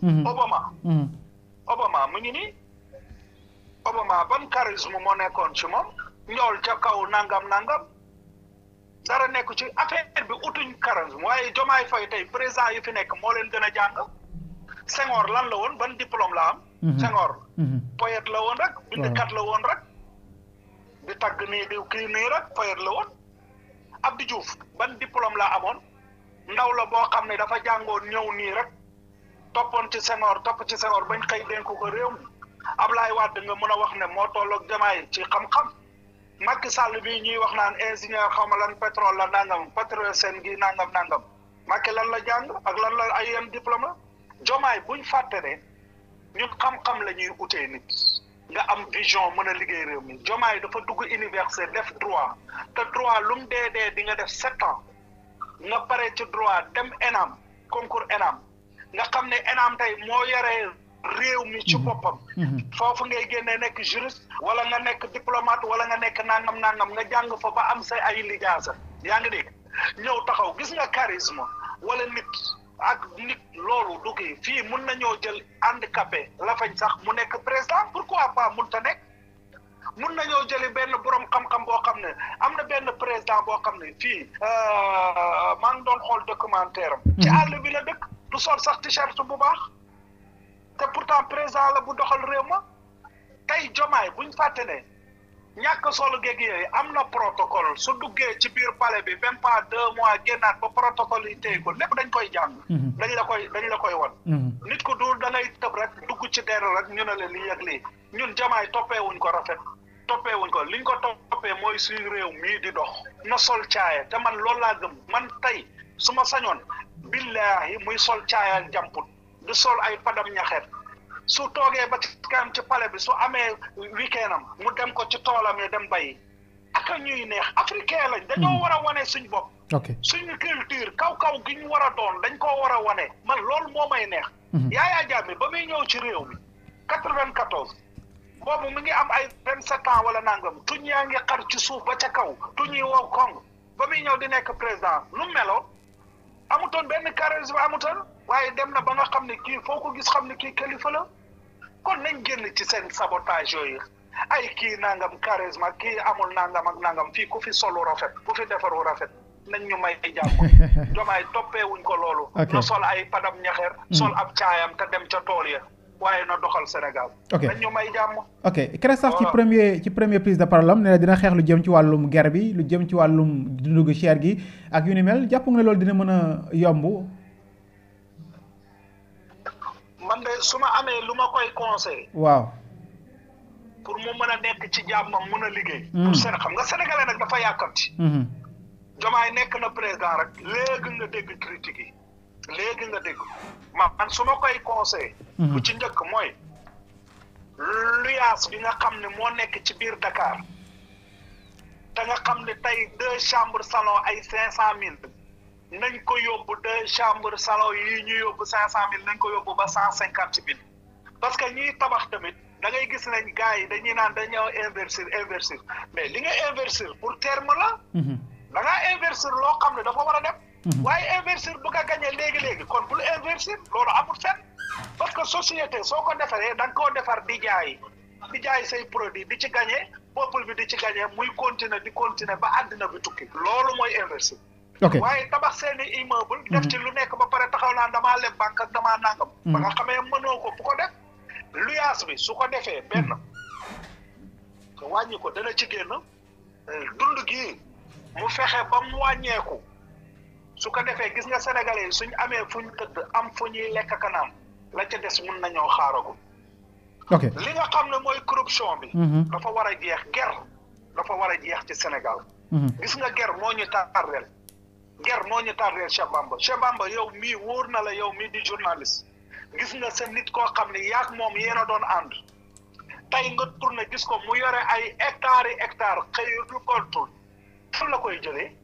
moom. Obama. Mhm. Mhm. Obama mu ngi nii Obama ban charisme moo nekkoon ci moom ñool ca kaw nangam nangam dara nekk ci affaire bi utuñ charisme waaye Jomaay Fay tey président yi fi nekk moo leen gën a jàng Senghor lan la woon ban diplôme la am. Mhm. Senghor. poète la woon rek. bindkat la woon rek. di tagg nii di kii nii rek poète la woon. Abdou Diouf ban diplôme la amoon ndaw la boo xam ne dafa jàngoon ñëw nii rek. toppoon ci Senghor topp ci Senghor bañ xëy dénk ko réew mi Ablaye Wade nga mën a wax ne moo tolloog Diomaye ci xam-xam Macky Sall bii ñuy wax naan ingénieur xaw ma lan pétrole la nangam pétrole seen gi nangam nangam Macky lan la jàng ak lan la ay yem diplôme Diomaye buñ fàtte ne ñun xam-xam la ñuy utee nit nga am vision mën a liggéey réew mi Diomaye dafa dugg université def droit te droit lu mu dee dee di nga def sept ans nga pare ci droit dem ENAM concours ENAM nga xam ne ENAM moo yore réew mi ci mhm. boppam. Mhm. foofu ngay génnee nekk juriste. wala nga nekk diplomate wala nga nekk na nangam nangam nga jàng fa ba am say ay lijaasa yaa ngi dégg ñëw taxaw gis nga karisma wala nit ak nit loolu du kii fii mun ñëw jël handicapé la fañ sax mu nekk président pourquoi pas mun ta nekk. mun nañoo jëli benn borom xam-xam boo xam ne am na benn président boo xam ne fii. Euh, maa ngi doon xool documentaire am. ci mhm. dëkk. du sol sax t-shirt bu baax te pourtant présent la bu doxal réew ma tey jomaay buñ fàtte ne ñàkk solo géeg yooyu am na protocole su duggee ci biir pale bi même pas deux mois génnaat ba protocole yi ko lépp dañ koy jàng mhm. dañ la koy dañ la koy won mhm. nit ko du da ngay tëb rek dugg ci deru rek ñu ne la lii ak lii ñun jomaay toppewuñ ko rafet toppee ko liñ ko toppee mooy suñu réew mii di dox na sol caaya te man loolu laa gëm man tey su ma sañoon billaahi muy sol caayal jamput du sol ay padam ñaxet su toogee ba ci kanam ci pale bi su amee weekend mu dem ko ci toolam yi dem bayi aka ñuy neex africain lañ dañoo hmm. war a wane suñ bopp suñ culture kaw-kaw gi ñu war a doon dañ koo war a wane man loolu moo may neex hmm. Yaya Jammeh ba muy ñëw ci réew mi quatre-vingt-quatorze ngi am ay vingt-sept ans wala nangam tuñ yaa ngi xar ci suuf ba ca kaw tuñuy wow kong ba muy ñëw di nekk président nu meloo amutoon benn charisme amutoon waaye dem na ba nga xam ne kii foo ko gis xam ne kii kilifa la kon nañ génn ci seen sabotage yooyu ay kii nangam charisme kii amul nangam ak nangam fii ku fi solu rafet ku fi defaru rafet nañ ñu may ay jàpp jomaay toppee wuñ ko loolu. na sol ay padam ñaxeer. Mm. sol ab caayam te dem ca tool ya. waaye na doxal Sénégal. ok dañ ñu may jàmm. ok Christophe ci premier ci premier prise de parole am ne dina xeex lu jëm ci wàllum guerre bi lu jëm ci wàllum dundu gu cher gi ak yu ni mel jàpp nga ne dina mën a yomb. man su ma amee lu ma koy conseil waaw. pour mu mën a nekk ci jàmmam mën a liggéey. Mm. xam nga sénégalais nag dafa yàkkamti. Mm-hmm. jomaay nekk na président rek léegi nga dégg critique yi. léegi nga dégg ma man su ma koy conseil mhm. bu ci njëkk mooy luyaas bi nga xam ne moo nekk ci biir Dakar ta nga xam ne tey deux chambre salon ay cinq cent mille nañ ko yóbbu deux chambre salon yi ñu yóbbu cinq cent mille nañ ko yóbbu ba cent cinquante mille parce que ñiy tabax tamit da ngay gis nañ gars yi dañuy naan dañoo investir inversir mais li nga investir pour terme la mhm. da ngaa investir loo xam ne dafa war a dem Mhm. waaye investir bu ko léegi léegi kon bul investir loolu amul fenn parce que société soo ko defaree da nga koo defar di jaay di jaay say produit di ci gagné peuple bi di ci gagné muy continuer di continuer ba àddina bi tukki loolu mooy investir. waaye tabax seen i immeuble. def mhm. ci lu nekk ba pare taxaw naa damaa leb banque ak damaa nangam. Mhm. ba nga xamee mënoo ko bu ko def. luyaas bi su ko defee benn. wàññi ko dana ci génn. Euh, dund gi mu fexe ba mu wàññeeku. su ko defee gis nga sénégalais yi suñ amee fuñ tëdd am fu ñuy lekk kanam la ca des mun nañoo xaaragum. ok li nga xam ne mooy corruption bi. Mhm. dafa war a jeex ger dafa war a jeex ci Sénégal. Mhm. gis nga ger moo ñu tardeel ger moo ñu tardeel Cheikh Bamba Cheikh Bamba yow mii wóor na la yow mii di journaliste gis nga seen nit koo xam ne yaag moom yéen a doon ànd tey nga tourné gis ko mu yore ay hectares yi hectares xëy na du ko tur la koy jëlee.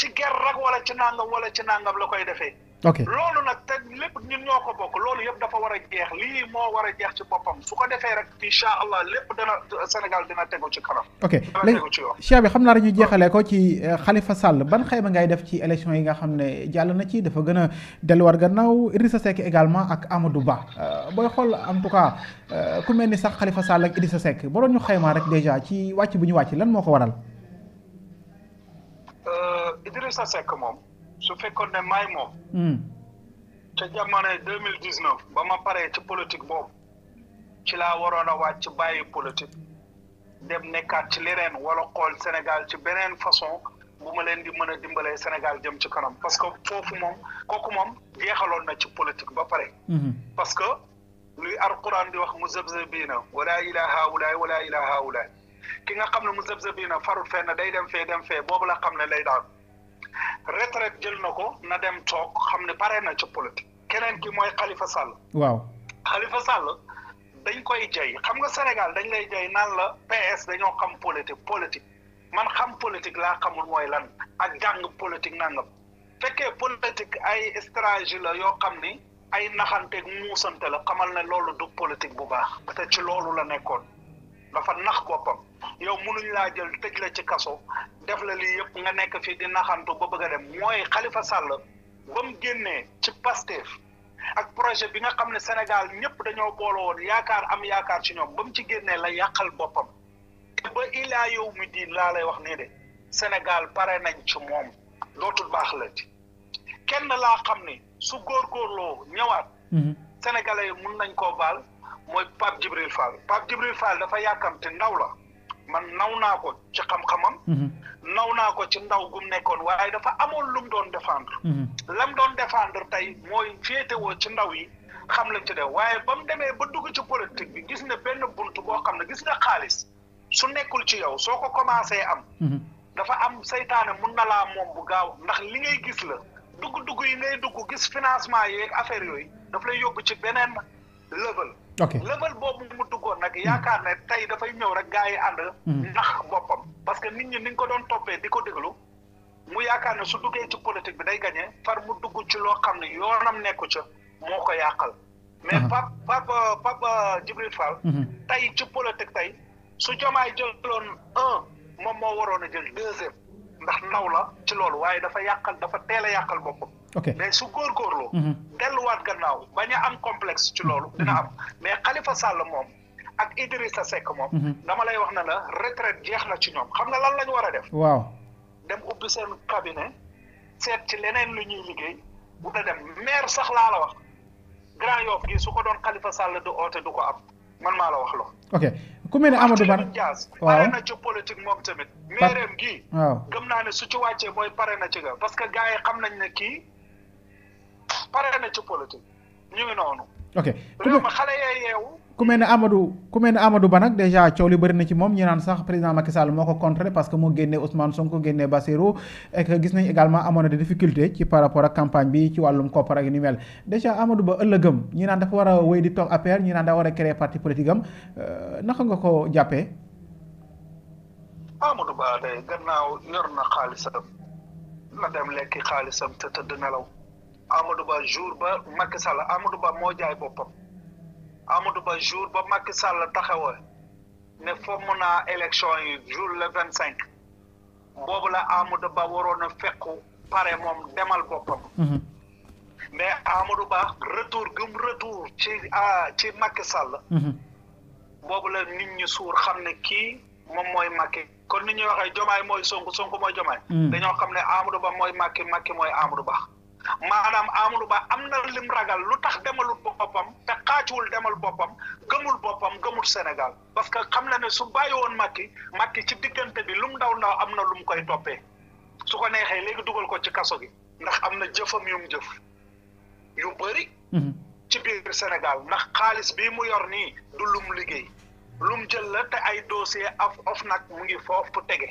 ci ger rek wala ci nangam wala ci nangam la koy defee. ok loolu nag te lépp ñun ñoo ko bokk loolu yëpp dafa war a jeex lii moo war a jeex ci boppam su ko defee rek incha allah lépp dana Sénégal dina tegu ci kanam. ok léegi Cheikh bi xam naa dañuy jeexalee ko ci euh, Khalifa Sall ban xayma ngay def ci élection yi nga xam ne jàll na ci dafa gën a delluwaat gannaaw Idrissa Seck également ak Amadou Ba euh, booy xol en tout cas euh, ku mel ni sax Khalifa Sall ak Idrissa Seck boo doon ñu xaymaa rek dèjà ci wàcc bu ñu wàcc lan moo ko waral. Idrissa Seck moom su fekkoon ne maay moom. te hmm. jamonoy deux mille ba ma paree ci politique boobu ci laa waroon a wàcc ci bàyyi politique dem nekkaat ci leneen wala xool Sénégal ci beneen façon bu ma leen di mën a dimbalee Sénégal jëm ci kanam parce que foofu moom kooku moom jeexaloon na ci politique ba pare. Hmm. parce que luy alquran di wax mu zabzabiina wala ilaa haawulaay wala ilaa haawulaay ki nga xam ne mu zabzabiina farut fenn day dem fee dem fee boobu la xam ne lay daal. retraite jël na ko na dem toog xam ne pare na ca politique keneen ki mooy Khalifa Sall. waaw Khalifa Sall dañ koy jay xam nga Sénégal dañ lay jay naan la PS dañoo xam politique politique man xam politique laa xamul mooy lan ak jàng politique nangam fekkee politique ay stratégie la yoo xam ni ay naxanteeg muusante la xamal ne loolu du politique bu baax peut-être ci loolu la nekkoon dafa nax boppam. yow munuñ laa jël tëj la ci kaso def la li yëpp nga nekk fi di naxantu ba bëgg a dem mooy xalifa Sall ba mu génnee ci Pastef ak projet bi nga xam ne Sénégal ñëpp dañoo boole woon yaakaar am yaakaar ci ñoom ba mu ci génnee la yàqal boppam te ba ilaa yow mi diin laa lay wax nii de Sénégal pare nañ ci moom dootul baax la ci kenn laa xam ne su góorgóorloo ñëwaat mhm. sénégalais yi mun nañ koo baal mooy Pape Djibril Fall Pape Djibril Fall dafa yàkkamte ndaw la man naw naa ko ci xam-xamam. Mhm. naw naa ko ci ndaw gum nekkoon waaye dafa amoon lu doon défendre. Mhm. lam doon défendre tey mooy féetewoo ci ndaw yi xam lañ ci def waaye ba mu demee ba dugg ci politique bi gis ne benn bunt boo xam ne gis nga xaalis su nekkul ci yow soo ko commencé am. Mhm. dafa am saytaane mun na laa moom bu gaaw ndax li ngay gis la dugg-dugg yi ngay dugg gis financement yi affaire yooyu daf lay yóbbu ci beneen level. ok lëbal boobu mu duggoon nag yaakaar ne tey dafay ñëw rek gaa yi ànd. Hmm. ndax boppam parce que nit ñi ni ko doon toppee di ko déglu mu yaakaar ne su duggee ci politique bi day gagné far mu dugg ci loo xam ne yoonam nekku ca moo ko yàqal. mais uh-huh. Pape Pape Pape euh, Djibril Fall. Mm-hmm. tey ci politique tey su jomaay jëloon un moom moo waroon a jël deuxième ndax ndaw la ci loolu waaye dafa yàqal dafa teel a yàqal boppam. ok mais su góorgóorloo. Mhm. delluwaat gannaaw bañ a am complexe ci loolu. dina am mais Khalifa Sall moom ak Idrissa Seck moom. Mhm. dama lay wax na la retraite jeex na ci ñoom xam na lan la ñu war a def. waaw dem ubbi seen cabinet seet ci leneen lu ñuy liggéey bu da dem maire sax laa la wax Grand Yoff gi su ko doon Khalifa Sall du oote du ko am man maa la wax loolu. ok ku mel ne Amadou Ba pare na ci politique moom tamit. maireem gii. gëm naa su ci wàccee mooy pare na ci ga parce que gars pare na ci politique ñu ngi noonu. ok réew mi xale yee yeewu. ku mel ne Amadou ku mel ne Amadou Ba nag dèjà coow li bëri na ci moom ñu naan sax président Macky Sall moo ko contrer parce que moo génnee Ousmane Sonko génnee Bassirou et que gis nañ également amoon na des difficultés ci par rapport ak campagne bi ci wàllum koppar ak ni mel dèjà Amadou Ba ëllëgëm ñi naan dafa war a wéy di toog APR ñi naan daa war a créer parti politique am euh, nga ko jàppee. Amadou Ba day gannaaw yor na Amadou Ba jour ba Macky Sall Ba moo jaay boppam Amadou Ba jour ba Macky Sall taxawa ne fomm naa élection yi jour le vingt cinq boobu la Amadou Ba waroon a fekku pare moom demal boppam mhm. mais Amadou Ba retour gum retour ci a ah, ci Macky Sall mhm. boobu la nit ñi suur xam ne kii moom mooy Macky kon nit ñuy waxee jomaay mooy Sonko Sonko mooy jomaay mhm. dañoo xam ne Amadou Ba mooy Macky Macky mooy Amadou Ba maanaam Amadou Ba am na lim ragal lu tax demalul boppam te xaacuwul demal boppam gëmul boppam gëmut Sénégal parce que xam na ne su bàyyi woon Macky Macky ci diggante bi lum ndaw ndaw am na lu mu koy toppee su ko neexee léegi dugal ko ci kaso gi ndax am na jëfam yu mu jëf yu bëri. Mhm. ci biir Sénégal ndax xaalis bi mu yor nii du lum liggéey lum jël te ay dossier af of nag mu ngi foofu tege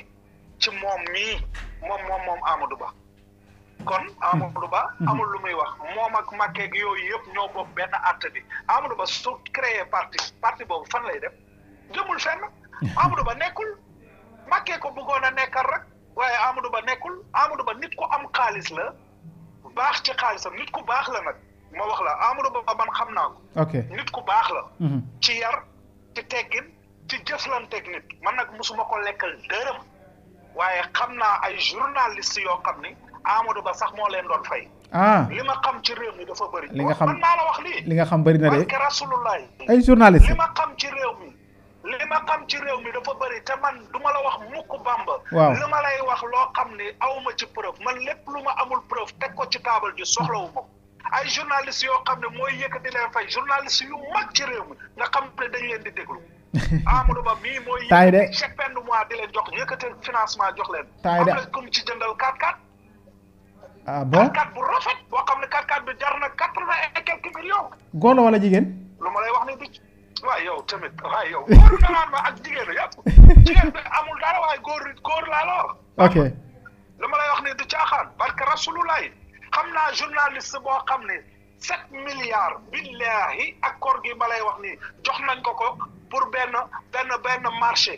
ci moom mii moom moom moom Amadou Ba. kon Ba hmm. Hmm. amul lu muy wax moom ak Macky gi yooyu yëpp ñoo bokk benn àtte bi Amadou Ba su créé parti parti boobu fan lay def jëmul fenn hmm. Amadou Ba nekkul Macky ko bëggoon a nekkar rek waaye Amadou Ba nekkul Amadou Ba nit ku am xaalis la baax ci xaalisam nit ku baax la nag ma wax la Amadou Ba man xam naa nit ku baax la ci yar ci teggin ci jëflanteeg nit man nag mosuma ko lekkal dërëm waaye xam naa ay journaliste yoo xam ni Amadou Ba sax moo leen doon fay. ah li ma xam ci réew mi dafa bëri. li nga xam man maa li nga xam bëri na de. rasulullah ay journaliste li ma xam ci réew mi. li ma xam ci réew mi dafa bëri te man du ma la wax mukk bamba waaw li ma lay wax loo xam ne awma ci preuve man lépp lu ma amul preuve teg ko ci taabal ji soxlawu ma ay journaliste yoo xam ne mooy yëkkati leen fay journaliste yu mag ci réew mi nga xam ne dañ leen di déglu Amadou Ba mii mooy yëkkati chaque fin de mois di leen jox yëkkati financement jox leen am na comme ci jëndal 4-4 ah bon bu rafet boo xam ne 4x4 bi jar na quatre vingt et quelques millions. góor la wala jigéen. lu ma lay wax ni bi waaye yow tamit waaye yow góor na naan ma ak jigéen jigéen bi amul dara waaye góor góor laa la wax. ok lu ma lay wax ni du caaxaan parce que rasulullah xam naa journaliste boo xam ne sept milliards billahi ak koor gi ma wax nii jox nañ ko ko pour benn benn benn marché.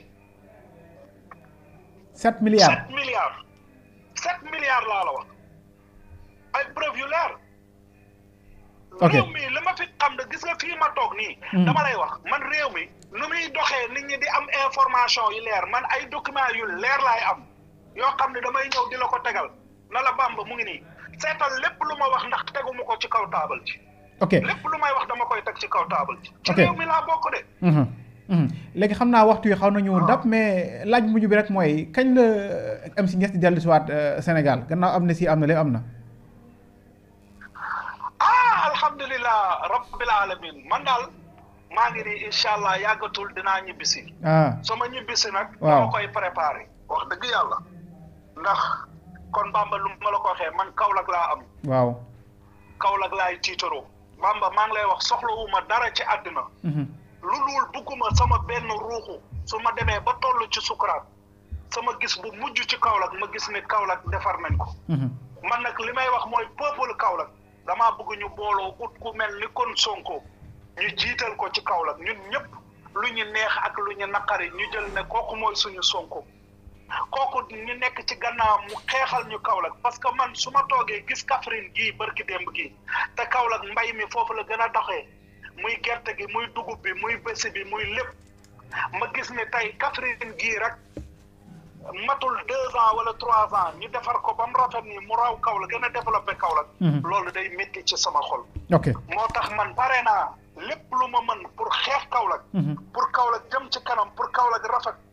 sept milliards sept milliards ay preuve yu leer. ok réew mi li ma fi xam de gis nga fii ma toog nii. Hmm. dama lay wax man réew mi nu muy doxee nit ñi di am information yu leer man ay documents yu leer laay am yoo xam ne damay ñëw di la ko tegal na la bàmb mu ngi nii seetal lépp lu ma wax ndax tegu mu ko ci kaw taabal ji. ok lépp lu may wax dama koy teg ci kaw taabal ji. ci réew mi laa bokk de. Mhm. Mhm. léegi xam naa waxtu yi xaw na ñëw ah. dab mais laaj mujj bi rek mooy kañ la MC Niass di dellusiwaat euh, Sénégal gannaaw am na si am na léegi am na. rabbil alamin man daal maa ngi nii incha allah yàggatul dinaa ñibbisi. Ah. su ma ñibbisi nag. waaw koy préparé. wax dëgg yàlla. ndax kon Bamba lu ma ko waxee man Kaolack laa am. waaw. Kaolack laay tiitaroo. Bamba maa ngi lay wax soxlawuma dara ci àddina. Mhm. lu luul bugguma sama benn ruuxu. su ma demee ba toll ci sukuraat. ma gis bu mujj ci Kaolack ma gis ne Kaolack defar nañ ko. Mhm. man nag li may wax mooy peuple Kaolack. dama bëgg ñu booloo ut ku mel ni kon Sonko ñu jiital ko ci Kaolack ñun ñëpp lu ñu neex ak lu ñu naqari ñu jël ne kooku mooy suñu Sonko kooku ñu nekk ci gannaaw mu xeexal ñu Kaolack parce que man su ma toogee gis Kaffrine gii barki démb gii te Kaolack mbay mi foofu la gën a doxee muy gerte gi muy dugub bi muy bési bi muy lépp ma gis ne tey Kaffrine gii rek. matul deux ans wala trois ans ñu defar ko ba mu rafet nii mu raw kaw la gën a développé kaw la mhm. loolu day métti ci sama xol ok moo tax man pare naa lépp lu ma mën pour xeex Kaolack mhm. pour Kaolack jëm ci kanam pour Kaolack rafet